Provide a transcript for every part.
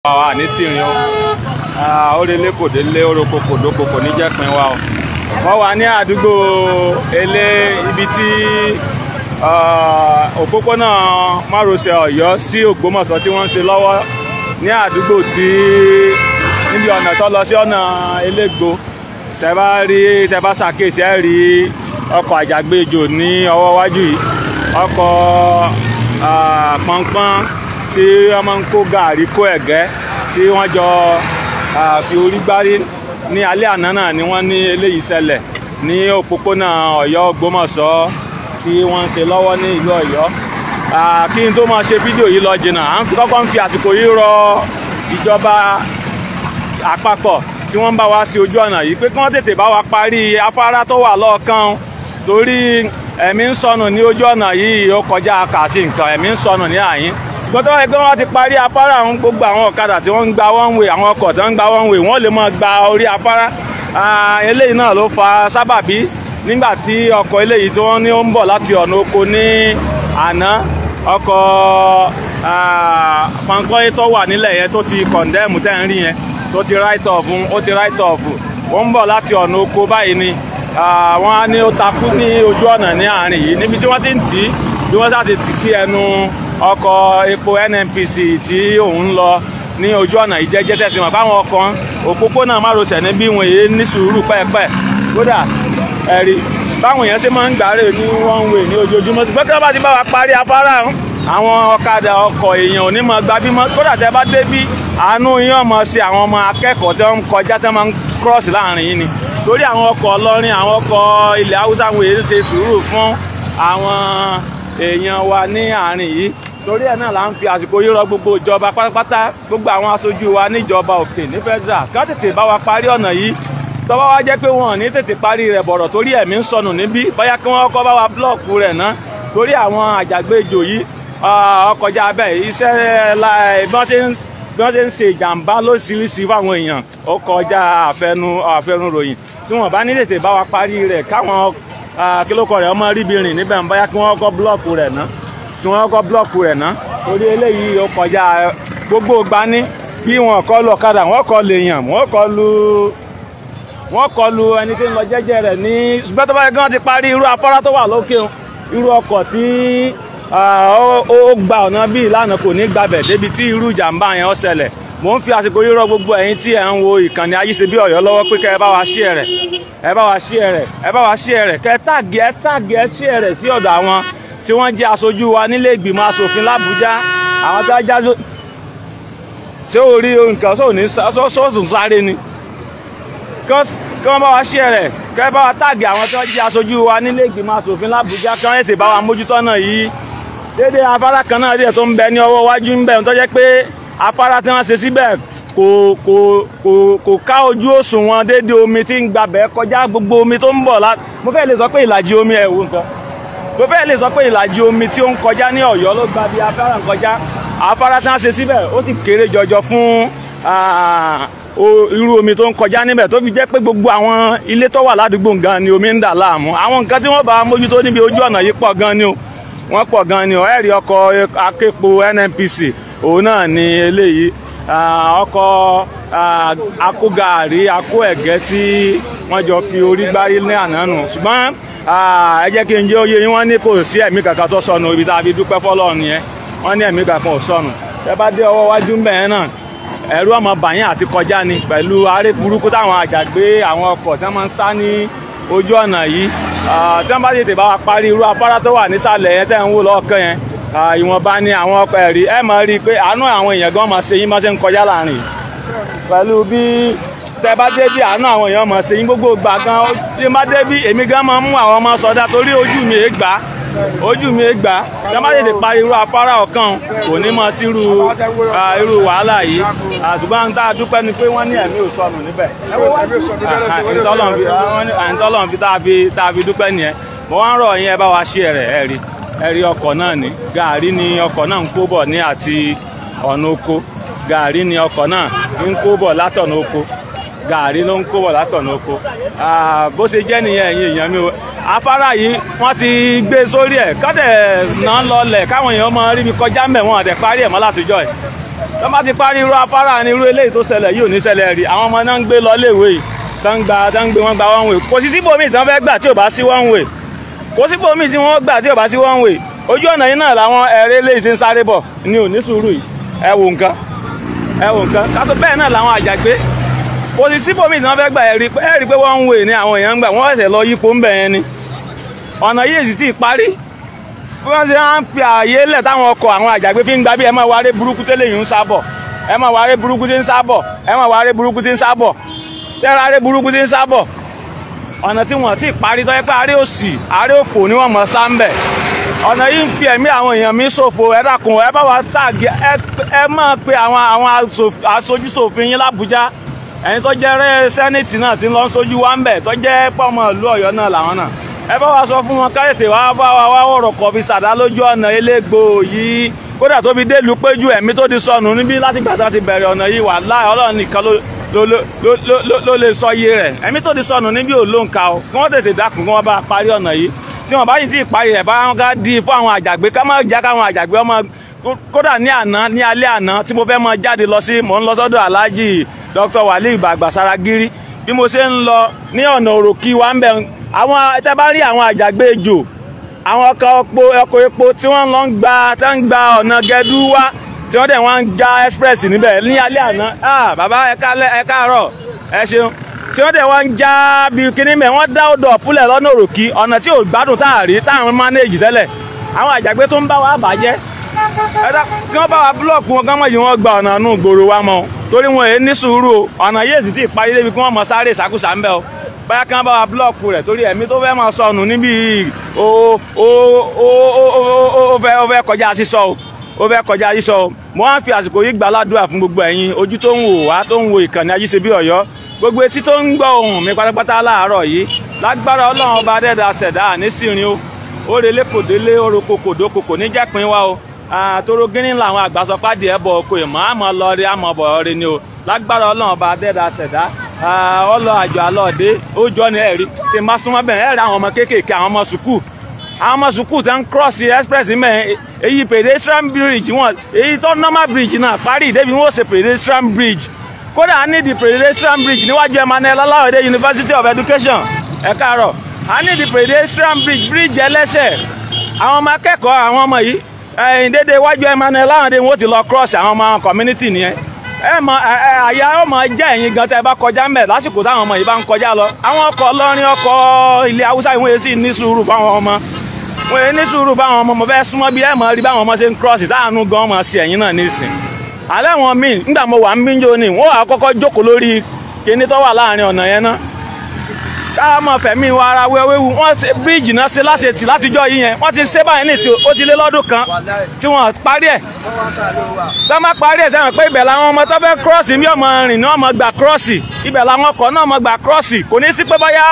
wa ah, ah, ní sírin o ah, ó lè lé kò dé lé oroko kò dóko wa o wọ́n wà ní àdúgbò elé ibi tí òpópónà márosẹ̀ ọ̀yọ́ sí ògbómọ̀ṣọ́ tí wọ́n ń ṣe lọ́wọ́ ní àdúgbò tí níbi ọ̀nà tó lọ sí ọ̀nà elégbò tẹ́ bá rí tẹ́ bá ṣàkíyèsí ẹ̀ rí ọkọ̀ àjàgbéjò ní ọwọ́ iwájú yìí ọkọ̀ pọnpọ́n tí wọ́n máa ń kó gàárì kó ẹ̀gẹ́ tí wọ́n jọ fi orí gbárí ní alẹ́ àná náà ni wọ́n ní eléyìí ṣẹlẹ̀ ní òpópónà Ọ̀yọ́ Ògbómọ̀ṣọ́ tí wọ́n ń ṣe lọ́wọ́ ní ìlú Ọ̀yọ́ kí n tó máa ṣe fídíò yìí lọ jìnnà à ń kọ́kọ́ ń fi àsìkò yìí rọ ìjọba àpapọ̀ tí wọ́n ń bá wa sí ojú ọ̀nà yìí pé kí wọ́n tètè bá wa parí afárá tó wà lọ́ọ̀kan torí ẹ̀mí ń sọnù ní ojú ọ̀nà yìí ó kọjá kà nǹkan ẹ̀mí ń sọnù ní àyín gbọ́dọ̀ wáyé pé wọ́n ti parí afárá àwọn gbogbo àwọn ọ̀kadà tí wọ́n ń gba one way àwọn ọkọ̀ tí wọ́n ń gba one way wọ́n lè máa gba orí afárá eléyìí náà ló fa sábàbí nígbà tí ọkọ̀ eléyìí tí wọ́n ní ó ń bọ̀ láti ọ̀nà oko ní àná ọkọ̀ pankọ́yé tó wà nílẹ̀ yẹn tó ti kọ̀ndẹ́mù tẹ́ ń rí yẹn tó ti right of ó ti right of wọ́n ń bọ̀ láti ọ̀nà oko báyìí ni wọ́n á ní ó takú ní ojú ọ̀nà ní àárín yìí níbi tí wọ́n ti ń tì í bí wọ́n sá ti tì sí ẹnu ọkọ̀ epo NNPC tí òun ń lọ ní ojú ọ̀nà ìjẹ́jẹ́ tẹ̀sí mọ̀ báwọn ọkọ̀ òpópónà márosẹ̀ níbí wọn èyí ní sùúrù pẹ́ẹ́pẹ́ kódà ẹ̀rí báwọn èèyàn ṣe máa ń gbàrè ní one way ní ojoojúmọ́ ṣùgbọ́n tí wọ́n bá ti bá wa parí afárá àwọn ọ̀kadà ọkọ̀ èèyàn ò ní mọ gbabí mọ́ kódà tẹ́ bá débí àánú yín ọmọ sí àwọn ọmọ akẹ́kọ̀ọ́ tí wọ́n ń kọjá tí wọ́n máa ń cross láàrin yín ni torí àwọn ọkọ̀ ọlọ́rin àwọn ọkọ̀ ilẹ̀ haúsá wòye ń ṣe sùúrù fún àwọn èèyàn wa ní àárín yìí torí ẹ̀ náà là ń fi àsìkò yìí rọ gbogbo ìjọba pátápátá gbogbo àwọn aṣojú wa níjọba òkè ní federal ká tètè bá wa parí ọ̀nà yìí tó bá wá jẹ́ pé wọn ò ní tètè parí rẹ̀ bọ̀rọ̀ torí ẹ̀mí ń sọnù níbí bóyá kí wọ́n kọ́ bá wa búlọ̀kù rẹ̀ ná torí àwọn àjàgbéjò yìí ọkọjá abẹ́ iṣẹ́ bí wọ́n ṣe ń ṣe ìjàmbá lóṣìṣì fáwọn èèyàn ó kọjá àfẹnu àfẹnuròyìn tí wọ́n bá ní tètè bá wa parí rẹ̀ káwọn kílókọ rẹ̀ ọmọ ríbi rìn níbẹ̀ ń bóyá kí wọ́n kọ́ búlọ̀kù rẹ̀ ná kí wọ́n kọ́ blọ́ọ̀kù rẹ̀ ná torí eléyìí ó kọjá gbogbo gbani bí wọn kọ lu ọ̀kadà wọn kọ lu èèyàn wọn kọ lu wọn kọ lu ẹni tí ń lọ jẹ́jẹ́ rẹ̀ ní ṣùgbọ́n tó bá yẹ kí wọ́n ti parí irú afárá tó wà lókè o irú ọkọ̀ tí ó gba ọ̀nà bíi ìlànà kò ní gbabẹ̀ débi tí irú ìjàmbá yẹn ó ṣẹlẹ̀ mò ń fi àsìkò yírọ gbogbo ẹ̀yin tí ẹ ń wo ìkànnì Ayíṣebí Ọ̀yọ́ lọ́wọ́ pé kẹ́ ẹ bá wa share rẹ̀ ẹ bá wa share rẹ̀ ẹ bá wa share rẹ̀ kẹ́ ẹ táàgì ẹ táàgì ẹ share rẹ̀ sí ọ̀dọ̀ àwọn tí wọ́n jẹ́ aṣojú wa nílé ìgbìmọ̀ asòfin làbújá àwọn tó ajá tí ó rí nǹkan sóòsùn sáré ni kí wọ́n bá wa ṣe rẹ̀ kí wọ́n bá wa táàgì àwọn tó jẹ́ aṣojú wa nílé ìgbìmọ̀ asòfin làbújá kí wọ́n yẹ̀ tè bá wa mójútó náà yìí dédé afárá kan náà díẹ̀ tó ń bẹ ní ọwọ́ iwájú ń bẹ tó jẹ́ pé afárá tí wọ́n ṣe síbẹ̀ kò kò kò kò ká ojú òṣùwọ̀n dédé omi tí ń gbabẹ̀ kọjá gbogbo omi tó ń bọ̀ lá mo fẹ́ lè sọ pé ìlàjì omi ẹ̀ wò nǹkan mo fẹ́ lè sọ pé ìlàjì omi tí ó ń kọjá ní ọ̀yọ́ ló gba bí afárá ń kọjá afárá tí wọ́n ṣe síbẹ̀ ó sì kéré jọjọ fún irú omi tó ń kọjá níbẹ̀ tó fi jẹ́ gbogbo àwọn ilé tó wà gan ni omi ń dà láàmú àwọn nǹkan tí wọ́n bá mójútó níbi ojú ọ̀nà yìí pọ̀ gan ni o wọ́n pọ̀ gan ni o NNPC òun náà ni eléyìí ọkọ̀ akógaàrí tí wọ́n jọ fi orí gbárí ní Ah, ẹ jẹ́ kí n jẹ́ oyè yín wọ́n ní kò sí ẹ̀mí kankan tó sọnù ibi tá a fi dúpẹ́ fọ́lọ́run nìyẹn wọ́n ní ẹ̀mí kankan ò sọnù tẹ bá dé ọwọ́ wájú ń bẹ̀yẹn náà ẹ̀rú ọmọ bàyìn àti kọjá ni pẹ̀lú aré burúkú táwọn àjàgbé àwọn ọkọ̀ tí wọ́n máa ń sá ní ojú ọ̀nà yìí tí wọ́n bá tètè bá wa parí irú afárá tó wà nísàlẹ̀ yẹn tẹ́ ń wò lọ́ọ̀kan yẹn ìwọ̀nba ni àwọn ọkọ̀ ẹ̀rí ẹ̀ máa rí i pé àánú àwọn èèyàn gan máa ṣe yín máa ṣe ń kọjá láàrin pẹ̀lú bí tẹ bá débi àánú àwọn èèyàn mọ̀ sí gbogbo gbà gan tí n bá débi èmi gan máa mú àwọn ọmọ sọdá torí ojú mi ègbà ojú mi ègbà tí wọ́n bá tètè pa irú afárá ọ̀kan kò ní mọ sí irú irú wàhálà yìí àṣùgbọ́n tá a dúpẹ́ ni pé wọ́n ní ẹ̀mí ò níbẹ̀ àìntọ́lọ́n fi tá a fi dúpẹ́ nìyẹn mo wá ń rọ̀ yín ẹ bá wa ṣe rẹ̀ ẹ̀ rí ẹ̀ rí ọkọ̀ náà ní gàárì ni ọkọ̀ náà ń kó bọ̀ ní àti ọ̀nà oko gàárì ni ọkọ̀ náà ń kó bọ̀ látọ̀nà oko gàárì ló ń kó bọ̀ látọ̀nà oko bó ṣe jẹ́ nìyẹn ẹ̀yin èèyàn mi o afárá yìí wọ́n ti gbé sórí ẹ̀ kọ́dẹ̀ náà lọlẹ̀ káwọn èèyàn máa rí mi kọjá mẹ́wọ̀n àdẹ̀ parí ẹ̀ mọ́ látijọ́ ẹ̀ tó bá ti parí irú afárá ni irú eléyìí tó ṣẹlẹ̀ yìí ò ní ṣẹlẹ̀ rí àwọn ọmọ náà ń gbé lọ léèwé yìí tán gba tán gbé wọn gba one way kò sí síbòmí tí wọ́n fẹ́ gbà tí ò bá sí one way kò síbòmí tí wọ́n gbà tí ò bá sí one way ojú ọ̀nà yìí náà làwọn ẹ̀rẹ́ eléyìí ti ń sáré bọ̀ ni ò kò sì sí bòmí tí wọ́n fẹ́ gbà ẹ̀rí pé wọ́n ń wè ní àwọn èèyàn ń gbà wọ́n ẹ̀sẹ̀ lọ yípo ń bẹ̀ yẹn ni ọ̀nà yìí sì ti parí bí wọ́n ṣe ń fi ààyè lẹ̀ táwọn ọkọ̀ àwọn àjàgbé fi ń gbà bí ẹ máa wáré burúkú tẹ́lẹ̀ yìí ń sábọ̀ ẹ máa wáré burúkú tí ń sábọ̀ ẹ máa wáré burúkú tí ń sábọ̀ tẹ́ra ré burúkú tí ń sábọ̀ ọ̀nà tí wọ́n ti parí tọ́jú pé àárẹ̀ òsì àárẹ̀ òfò ni wọ́n mọ̀ sá ń bẹ̀ ọ̀nà yìí ń fi ẹ̀mí àwọn èèyàn mi ṣòfò ẹ dákun ẹ bá wa tàgé ẹ máa pe àwọn àwọn aṣojú ṣòfin yín lábújá ẹni tó jẹ́ rẹ́ sẹ́nẹ̀tì náà ti ń lọ sójú wa ń bẹ̀ tó jẹ́ pọ́mọ ìlú ọ̀yọ́ náà làwọn náà ẹ bá wa sọ fún wọn káyọ̀tì wa bá wa wá wọ̀rọ̀ kọ̀ fi sàdá lójú ọ̀nà elégbò yìí kódà tó fi délùú péjú ẹ̀mí tó ti sọnù níbí láti gbà tó ti bẹ̀rẹ̀ ọ̀nà yìí wà láì ọlọ́run nìkan ló lè sọ iye rẹ̀ ẹ̀mí tó ti sọnù níbí ò ló ń ka o kí wọ́n tètè dákun kí wọ́n bá parí ọ̀nà yìí tí wọ́n bá yìí ti parí rẹ̀ bá wọn ká di fún àwọn àjàgbé ká má já káwọn àjàgbé ọmọ kódà ní àná ní alẹ́ àná tí mo fẹ́ mọ jáde lọ sí mò ń lọ sọ́dọ̀ aláàjì Dr. Wali Bagbaṣara Giri bí mo ṣe ń lọ ní ọ̀nà òròkì wa ń bẹ̀ àwọn tẹ́ bá rí àwọn àjàgbé ejò àwọn ọkọ̀ epo tí wọ́n lọ ń gba tẹ́ ń gba ọ̀nà gẹdú wá tí wọ́n dẹ̀ wọ́n ń ja express níbẹ̀ ní alẹ́ àná bàbá ẹ káàárọ̀ ẹ ṣeun tí wọ́n dẹ̀ wọ́n ń já bí kíní mẹ́ wọ́n dá odò ọ̀pùlẹ̀ lọ́nà òròkì ọ̀nà tí ò gbádùn táàrí táwọn manage tẹ́lẹ̀ àwọn àjàgbé tó ń bá wa bàjẹ́ ẹ̀dá kán bá wa búlọ̀kù wọn kán yìí wọ́n gba ọ̀nà inú ìgboro wa mọ́ torí wọn èé ní sùúrù o ọ̀nà yìí èsì tí ìparí débi kí wọ́n mọ̀ sáré ìsàkúsà ńbẹ́ o báyà kán bá wa búlọ̀kù rẹ̀ torí ẹ̀mí tó fẹ́ máa sọnù níbi ó fẹ́ kọjá sísọ o ó fẹ́ kọjá sísọ o mo wá ń fi àsìkò yìí gbàládùá fún gbogbo ẹ̀yin ojú tó ń wò wá tó ń wo ìkànnì Ajísebí Ọ̀yọ́ gbogbo etí tó ń gbọ́ ohùn mi pátápátá láàárọ̀ yìí lágbára ọlọ́run ọba dẹ́dà ṣẹ̀dá àníṣìírín o ó relé kòdélé orokò kòdókòkò níjàpín o toro gíní làwọn àgbà sọ fáàdì ẹ bọ oko ìmọ̀ àmọ́ lọ rí àmọ́ bọ̀ rí ni o lágbára ọlọ́run ọba adẹ́dà ṣẹ̀dá ọlọ àjọ àlọ́ọ̀dé ó jọ ní ẹ̀rí tí má súnmọ́ bẹ̀rẹ̀ ẹ̀rí àwọn ọmọ kéékèèké àwọn ọmọ sùkúù àwọn ọmọ sùkúù tó ń cross express mẹ́ èyí pedestrian bridge wọn èyí tó normal bridge náà parí ìdẹ́bi wọn ó ṣe pedestrian bridge kódà a need the pedestrian bridge níwájú Emmanuel Ọláwẹ̀dé University of Education ẹ káàárọ̀ a need the pedestrian bridge bridge ẹlẹ́sẹ̀ àwọn ọmọ akẹ́kọ̀ọ́ àwọn ọmọ yìí dédé iwájú Emmanuel Láńdé wọn ti lọ cross àwọn ọmọ community nìyẹn ẹ mọ àyà ọmọ jẹ ẹyin gan tẹ bá kọjá mẹ lásìkò táwọn ọmọ yìí bá ń kọjá lọ àwọn ọkọ̀ lọrin ọkọ̀ ilẹ̀ Haúsá yìí sì ní sùúrù fáwọn ọmọ wọn ní sùúrù fáwọn ọmọ mo fẹ́ súnmọ́ bí ẹ mọ rí báwọn ọmọ ṣe ń cross táànú gan ọmọ sí ẹyin náà nísìn alẹ́ wọn nígbà mo wà ń ni wọn wà kọ́kọ́ jókòó ká mọ̀ fẹ̀mí wa ara wẹ́wẹ́wu wọ́n ṣe bíríìjì náà ṣe láṣẹ tì látijọ́ yìí yẹn wọ́n ti ṣe báyìí ní ìsìn ó ti lé lọ́dún kan tí wọ́n parí ẹ̀ tó má parí ẹ̀ sẹ́wọ̀n pé ibẹ̀ làwọn ọmọ tó fẹ́ kírọ́ọ̀sì bí ọmọ rìn ní ọmọ gbà kírọ́ọ̀sì ibẹ̀ làwọn ọkọ̀ náà ọmọ gbà kírọ́ọ̀sì kò ní sí pé bóyá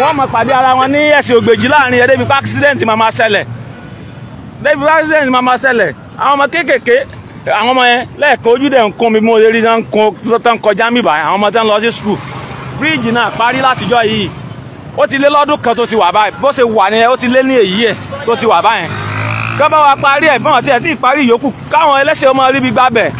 wọ́n mọ̀ pàdé ara wọn ní ẹ̀sìn ògbèjì láàrin ẹ̀dẹ́bi pé accident máa máa ṣẹlẹ̀ ẹ̀dẹ́bi pé accident máa máa ṣẹlẹ̀ àwọn ọmọ kéékèèké àwọn ọmọ yẹn lẹ́ẹ̀kan ojú dẹ̀ ń kún mi bí mo ṣe rí tán kọjá mi báyìí àwọn ọmọ tán lọ sí school bíríìjì náà parí látijọ́ yìí ó ti lé lọ́dún kan tó ti wà báyìí bó ṣe wà nìyẹn ó ti lé ní èyí ẹ̀ tó ti wà báyìí kán wa parí ẹ̀ bọ́n tí ẹ̀ tí ì parí yòókù káwọn ẹlẹ́ṣẹ̀ ọmọ ríbi gbàbẹ̀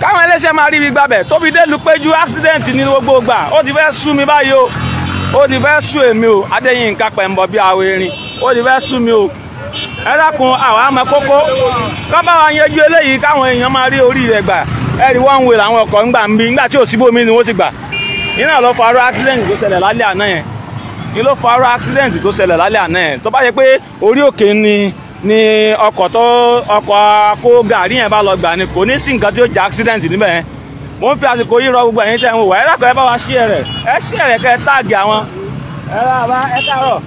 káwọn ẹlẹ́ṣẹ̀ máa ríbi gbàbẹ̀ tóbi délu péjú accident ní gbogbo gbà ó ti fẹ́ sú mi báyìí o ó ti fẹ́ sú èmi o Adéyínká Pẹ̀mbọ́ bí awo erin ó ti fẹ́ sú mi o ẹ àwọn àmọ́ kókó kán wa yanjú eléyìí káwọn èèyàn máa rí orí rẹ̀ gbà ẹ̀rí wọ́n ń wèrè àwọn ọkọ̀ ńgbà ń bí ńgbà tí ò síbòmí ni wọ́n ti gbà iná ló farú accident tó ṣẹlẹ̀ lálẹ́ àná yẹn ni ló farú accident tó ṣẹlẹ̀ lálẹ́ àná yẹn tó bá yẹ pé orí òkè ni ni ọkọ̀ tó ọkọ̀ akó gàrí yẹn bá lọ gbà ni kò ní sí nǹkan tí ó jẹ́ accident níbẹ̀ yẹn mo ń fi àsìkò yìí rọ gbogbo ẹ̀yin tẹ̀ ń wò wá ẹ lákọ̀ọ́ ẹ bá wa ṣí ẹ rẹ̀ ẹ ṣí ẹ rẹ̀ kẹ́ ẹ táàgì àwọn ẹ láàbá ẹ káàárọ̀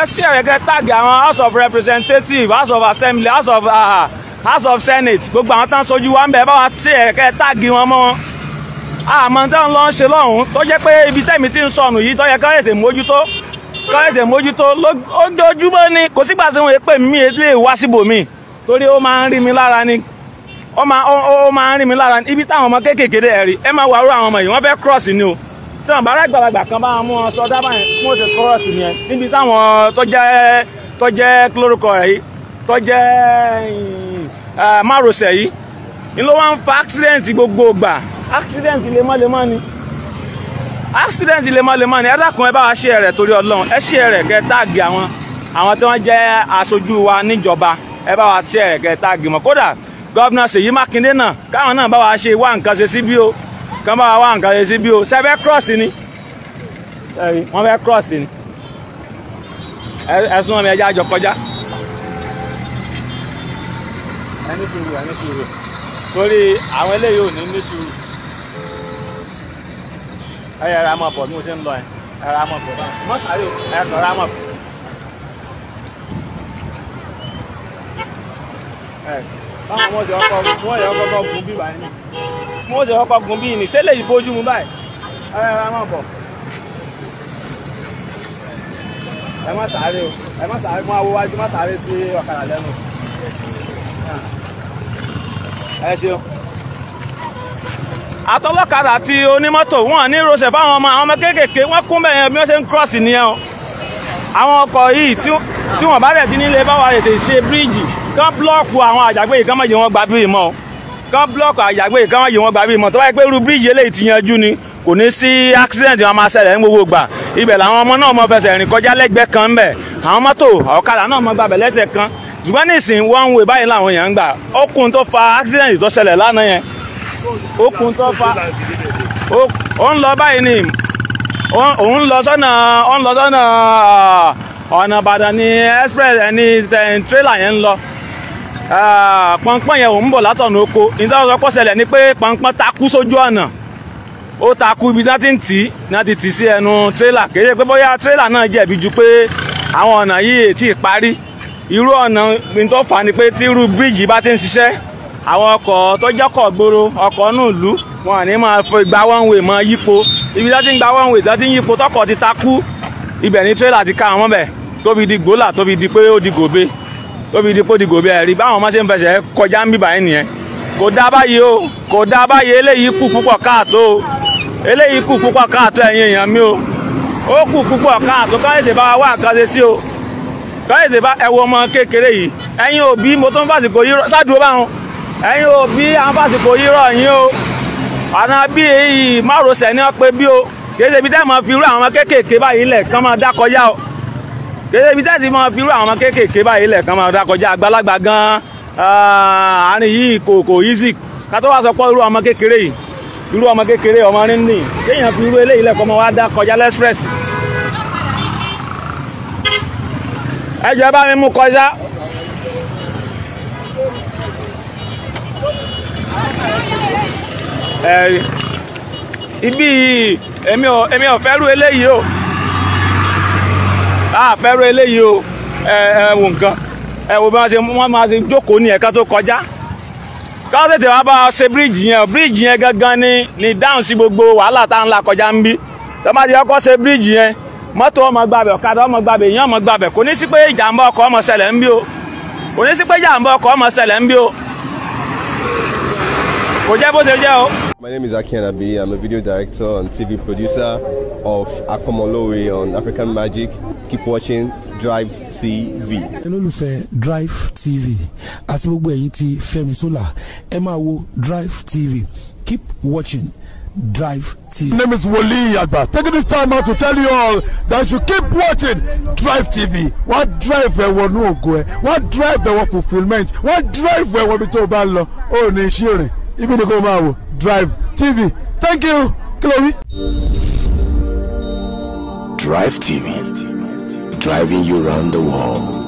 ẹ ṣí ẹ rẹ̀ táàgì àwọn house of representatives house of assembly house of uh, house of senate gbogbo àwọn tán sojú wa ń bẹ̀ ẹ bá wa ṣí ẹ rẹ̀ táàgì wọn mọ́ wọn àmọ́ tá ń lọ ń ṣe lọ́hùn tó jẹ́ pé ibi tẹ̀mí ti ń sọnù yìí tó yẹ ká tètè mójútó ká tètè mójútó lójoojúmọ́ ni kò sígbà tí wọ́n yẹ pé mi lè wá síbòmí torí ó máa ń rí mi lára ni ó máa ń rí mi lára ni ibi táwọn ọmọ kéékèèké ẹ̀rí ẹ máa wàrú àwọn ọmọ yìí wọ́n fẹ́ cross ni o tí wọn bá rágbàlagbà kan bá mú ọ sọ dábàá yẹn fún òsè cross yẹn níbi táwọn tó jẹ́ tó jẹ́ lórúkọ rẹ̀ yìí tó jẹ́ eh, márosẹ̀ yìí ni ló wá ń fa accident gbogbo gbà accident lemọ́lemọ́ ni accident lemọ́lemọ́ ni ẹ dákun ẹ bá wa share rẹ̀ torí ọlọ́run ẹ share rẹ̀ kẹ́ táàgì àwọn àwọn tí wọ́n jẹ́ aṣojú wa níjọba ẹ bá wa share rẹ̀ kẹ́ táàgì mọ́ kódà gọ́vnà Ṣèyí Mákindé náà káwọn náà bá wa ṣe wá nǹkan ṣe sí bí o kán bá wa wá nǹkan ṣe sí o ṣe fẹ́ cross ni wọ́n fẹ́ cross ni ẹ̀sùn ọmọ ẹja àjọ kọjá torí àwọn eléyìí ò ní ní sùúrù ẹ yẹra mọ̀ bọ̀ bí mo ṣe ń lọ yẹn ẹ yẹra mọ̀ bọ̀ báyìí mọ̀ sáré o ẹ kọ̀ra mọ̀ bọ̀. báwọn ọmọ ìjọ ọkọ wọn ìjọ ọkọ gun bí wàá ní wọn ìjọ ọkọ gun bí ní ṣẹlẹ̀ ìbójú mu báyìí ẹ yẹra mọ̀ bọ̀. ẹ má sáré o ẹ má sáré mọ awo wájú má sáré sí ọ̀kadà lẹ́nu ẹ ṣeun àtọwọ́kadà àti onímọ́tò wọn ní rọṣẹ̀ fáwọn ọmọ àwọn ọmọ kéékèèké wọ́n kún bẹ́ẹ̀ yẹn bí wọ́n ṣe ń cross nìyẹn o àwọn ọkọ̀ yìí tí wọ́n bá rẹ̀ ti nílé báwa ètè ṣe bíríìjì kán búlọ́ọ̀kù àwọn àjàgbé yìí kán má jẹ́ wọ́n gba bíi mọ́ o kán búlọ́ọ̀kù àjàgbé yìí kán má jẹ́ wọ́n gba bíi mọ́ tó bá yẹ pé irú bíríìjì eléyìí ti yanjú ni kò ní sí accident wọn máa ṣẹlẹ̀ ní gbogbo gbà ibẹ̀ làwọn ọmọ náà mọ fẹsẹ̀ rìn kọjá lẹ́gbẹ̀ẹ́ kan ńbẹ̀ àwọn mọ́tò ọ̀kadà náà mọ gbàbẹ̀ lẹ́sẹ̀ kan ṣùgbọ́n nísìnyí one way báyìí làwọn èèyàn ń gbà ó kún tó fa accident tó ṣẹlẹ̀ lánàá yẹn okùn tó fa ó ń lọ báyìí ni òun lọ sọ́nà ó ń lọ sọ́nà ah, ọ̀nà Ìbàdàn ni express ẹni tírélà yẹn ń lọ ah, pọnpọ́n yẹn òun ń bọ̀ látọ̀nà oko nígbà tó kọ́ ṣẹlẹ̀ ni pé pọnpọ́n takú sójú ọ̀nà ó takú ibi tí wọ́n ti ń tì í ní wọ́n ti tì sí ẹnu tírélà kéde pé bóyá tírélà náà jẹ̀bi ju pé àwọn ọ̀nà yìí ti parí irú ọ̀nà tó ni pé tí irú bá ti ń ṣiṣẹ́ àwọn ọkọ̀ tó jẹ́kọ̀ gbòòrò ọkọ̀ náà lù wọn ní máa fọ ìgbà one way mọ́ yípo ibi tó ti ń gba one way tó ti ń yípo tọkọ̀ ti takú ibẹ̀ ní tírélà ti ká àwọn bẹ̀ tóbi di gbòòlà tóbi di pé ó di gòbe tóbi di pé ó di gòbe ẹ̀rí báwọn ọmọ ṣe ń fẹsẹ̀ kọjá ń bíbà yín nìyẹn kò dá báyìí o kò dá báyìí eléyìí kù púpọ̀ káàtó eléyìí kù púpọ̀ káàtó ẹ̀yin èèyàn mi o ó kù púpọ̀ káàtó káyọ̀dé bá wà nǹkan ṣe sí o káyọ̀dé bá ẹ̀wọ̀ ọmọ kékeré yìí ẹ̀yin òbí mo tó ń fàsìkò yìí ṣáàdúró báwọn ẹ̀yin o bí àwọn fásitì yírọ̀ yín o àná bí èyí márosẹ̀ ní ọ̀pẹ bí o kìí ṣe ibi tẹ́ mọ̀ fi irú àwọn kéékèèké báyìí lẹ̀ kán máa dákọjá o kìí ṣe ibi tẹ́ ti mọ̀ fi irú àwọn kéékèèké báyìí lẹ̀ kán máa dákọjá àgbàlagbà gan-an àárín yìí kò kò easy ká tó wá sọ pé irú ọmọ kékeré yìí irú ọmọ kékeré ọmọ rí nìyí kéèyàn fi irú eléyìí lẹ̀kọ́ máa wá dákọjá lẹ́sprẹ́sì ẹjọ́ bá mi mú kọjá ẹ̀rí ibí yìí èmi ò èmi ò fẹ́rù eléyìí o a fẹ́rù eléyìí o ẹ ẹ wò nǹkan ẹ wò bí wọ́n ṣe wọ́n máa ṣe jókòó ní ẹ̀ka tó kọjá ká tètè wá bá a ṣe bíríìjì yẹn bíríìjì yẹn gangan ni ni dáhùn sí gbogbo wàhálà tá ń là kọjá ń bí tó bá ti kọ́kọ́ ṣe bíríìjì yẹn mọ́tò ọmọ gbàbẹ̀ ọ̀kadà ọmọ gbàbẹ̀ èèyàn ọmọ gbàbẹ̀ kò ní sí pé ìjàmbá ọkọ̀ ọmọ ṣẹlẹ̀ ń bí o kò ní sí pé ìjàmbá ọkọ̀ ọmọ ṣẹlẹ̀ ń bí o kò jẹ́ bó ṣe jẹ́ o. My name is Akianabi. I'm a video director and TV producer of Akomolowe on African Magic. Keep watching Drive TV. Hello, Drive TV àti gbogbo ẹ̀yin tí Fẹ́mi Sola Drive TV keep watching. Drive TV. My name is Wole Yadba. Taking this time out to tell you all that you keep watching Drive TV. What drive ẹ̀wọ̀ ní ògo ẹ̀, What drive ẹ̀wọ̀ fulfilment, What drive ẹ̀wọ̀ bí tó o bá lọ, ó ní iṣẹ́ rìn, Drive TV thank you Chloe. Drive TV driving you round the world.